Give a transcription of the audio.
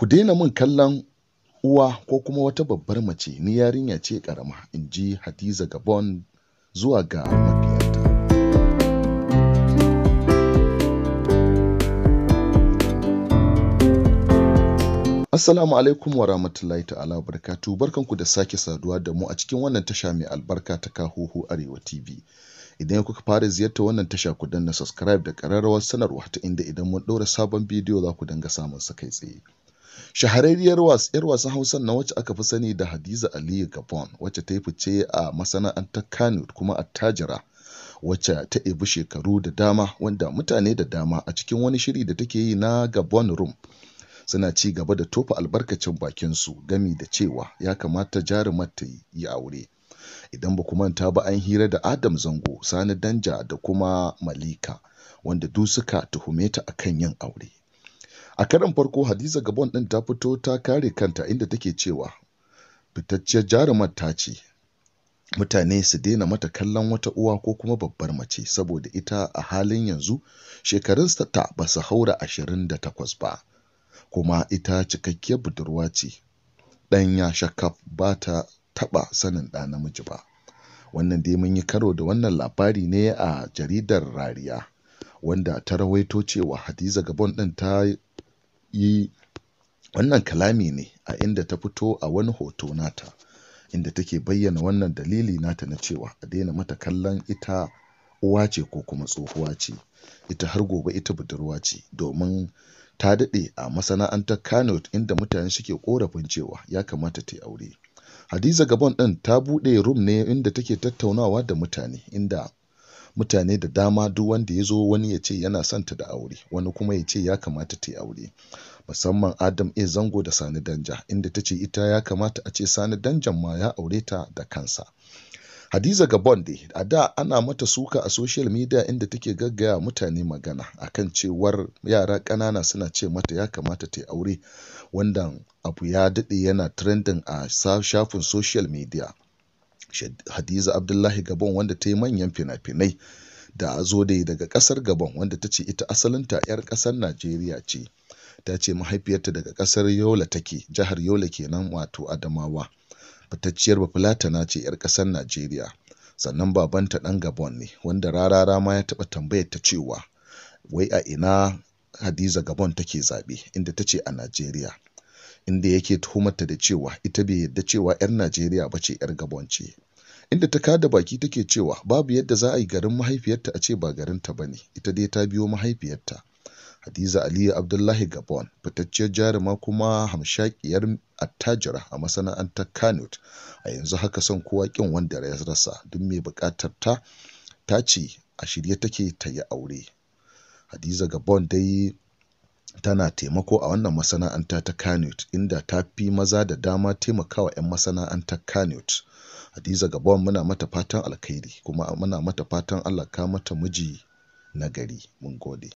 Ku daina min kallon uwa ko kuma wata babbar mace, ni yarinya ce ƙarama, ji Hadiza Gabon zuwa ga mafiyarta Assalamu alaikum wa rahmatullahi ta'ala barkatu barkanku da sake saduwa da mu a cikin wannan tasha mai albarka ta kahuhu Arewa TV. Idan kuka fara ziyarta wannan tasha ku danna subscribe da ƙararrawar sanarwa ta inda idan mun ɗora sabon bidiyo za ku dinga samun sa kai tsaye. Shahararriyar 'yar wasan Hausa na wacce aka fi sani da Hadiza Aliyu Gabon wacce ta yi fice a masana'antar Kano kuma a attajira, wacce ta ebi shekaru da dama wanda mutane da dama a cikin wani shiri da take yi na Gabon Room suna ci gaba da tofa albarkacin bakinsu gami da cewa ya kamata jarumar ta yi aure. Idan ba kuma ta ba an hira da Adam Zango, Sani Danja da kuma Malika, wanda duk suka tuhume ta akan yin aure. a karan farko hadiza gabon ɗin ta fito ta kare kanta inda take cewa fitacciyar jarumar ta ce mutane su daina mata kallon wata uwa ko kuma babbar mace saboda ita a halin yanzu shekarunsa ta ba su haura ashirin da takwas ba kuma ita cikakkiyar budurwa ce ɗan ya shakaf ba ta taɓa sanin ɗa namiji ba wannan dai mun yi karo da wannan labari ne a jaridar rariya wanda ta rawaito cewa hadiza gabon ɗin ta yi wannan kalami ne a inda ta fito a wani hoto nata inda take bayyana wannan dalili nata na cewa a daina mata kallon ita uwa ce ko kuma tsohuwa ce ita har gobe ita budurwa ce domin ta daɗe a masana'antar kano inda mutane suke korafin cewa ya kamata ta yi aure hadiza gabon ɗin ta buɗe rum ne inda take tattaunawa da mutane inda mutane da dama duk wanda ya zo wani ya ce yana son ta da aure wani kuma ya ce ya kamata ta yi aure musamman adam a zango da sani danja inda ta ce ita ya kamata a ce sani danjan ma ya aure ta da kansa hadiza gabon dai a da ana mata suka a social media inda take gaggaya mutane magana akan cewar yara ƙanana suna ce mata ya kamata ta yi aure wanda abu ya daɗe yana trending a shafin social media hadiza abdullahi gabon wanda ta yi manyan fina-finai da zo dai daga kasar gabon wanda ta ce ita asalinta 'yar kasar najeriya ce ta ce mahaifiyarta daga kasar yola take jihar yola kenan wato adamawa fitacciyar bafulatana ce 'yar kasar najeriya sannan babanta dan gabon ne wanda rarara ma ya taɓa tambayar ta cewa wai a ina hadiza gabon take zaɓe inda ta ce a najeriya inda yake tuhumarta da cewa ita bai yarda cewa 'yar Najeriya ba ce 'yar Gabon ce. Inda ta kada baki take cewa babu yadda za a yi garin mahaifiyarta a ce ba garinta ba ne, ita dai ta biyo mahaifiyarta. Hadiza Aliyu Abdullahi Gabon fitacciyar jaruma kuma hamshakiyar attajira a masana'antar Kanut a yanzu haka son kowa kin wanda ya rasa duk mai buƙatar ta ta ce a shirye take ta yi aure. Hadiza Gabon dai tana taimako a wannan masana'anta ta Kannywood inda ta fi maza da dama taimakawa 'yan masana'antar Kannywood. Hadiza Gabon muna mata fatan alkhairi kuma muna mata fatan Allah ka mata miji nagari Mun gode.